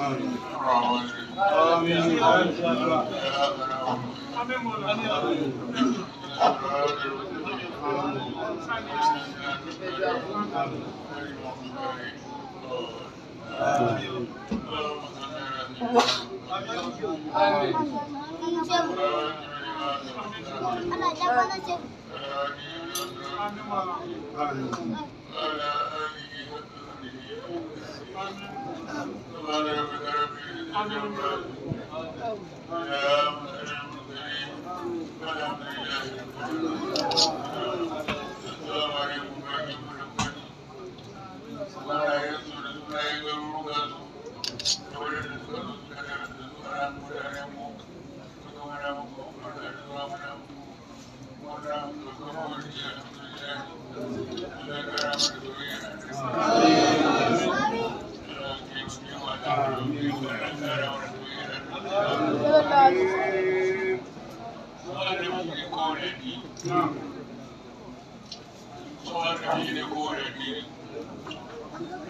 Amin. Thank you. tsohon kashi ne ko da biyu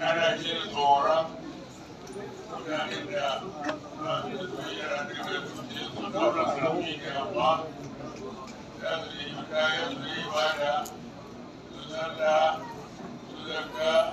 ana jin tsoron mutanen da ba su da tsoyara da bai kuce su zaura sami da yamma za su yi kayan su yi da, su sanda su zanga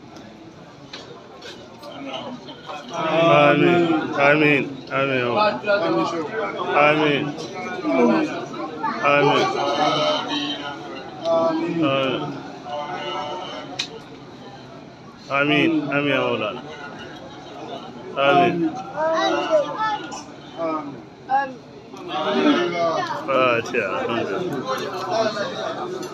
آمين آمين آمين آمين آمين آمين آمين يا مولانا آمين فاتحة الحمد لله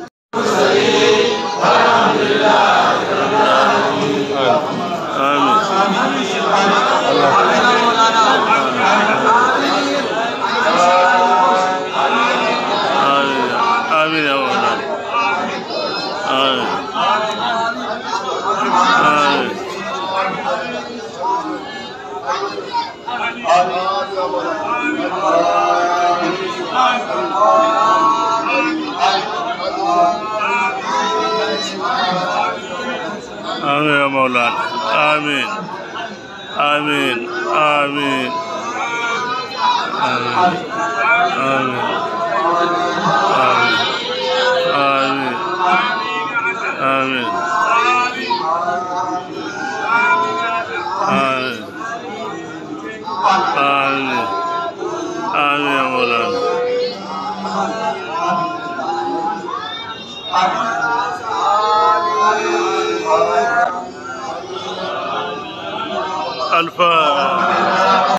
Amen, Amen, Amen, Amen, Amen, Amen, Amen, Amen, Amen, Amen. Amen. Amen. Amen. Amen. Amen. Alpha.